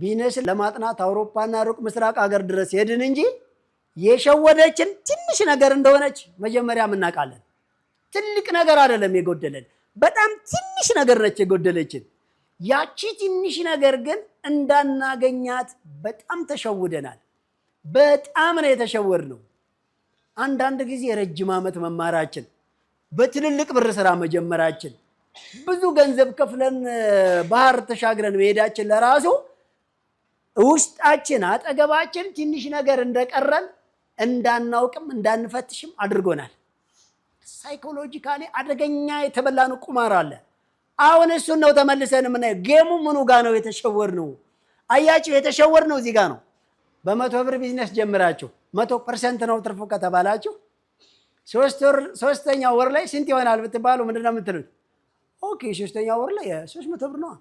ቢዝነስን ለማጥናት አውሮፓና ሩቅ ምስራቅ ሀገር ድረስ ሄድን እንጂ የሸወደችን ትንሽ ነገር እንደሆነች መጀመሪያ እናውቃለን። ትልቅ ነገር አይደለም የጎደለን፣ በጣም ትንሽ ነገር ነች የጎደለችን። ያቺ ትንሽ ነገር ግን እንዳናገኛት በጣም ተሸውደናል። በጣም ነው የተሸወድነው። አንዳንድ ጊዜ የረጅም ዓመት መማራችን፣ በትልልቅ ብር ስራ መጀመራችን፣ ብዙ ገንዘብ ከፍለን ባህር ተሻግረን መሄዳችን ለራሱ ውስጣችን አጠገባችን ትንሽ ነገር እንደቀረን እንዳናውቅም እንዳንፈትሽም አድርጎናል። ሳይኮሎጂካሊ አደገኛ የተበላን ቁማር አለ። አሁን እሱን ነው ተመልሰን የምናየው። ጌሙ ምኑ ጋ ነው የተሸወርነው? አያችሁ፣ የተሸወርነው እዚህ ጋ ነው። በመቶ ብር ቢዝነስ ጀምራችሁ መቶ ፐርሰንት ነው ትርፉ ከተባላችሁ ሶስተኛ ወር ላይ ስንት ይሆናል ብትባሉ ምንድነው የምትሉት? ኦኬ ሶስተኛ ወር ላይ ሶስት መቶ ብር ነዋ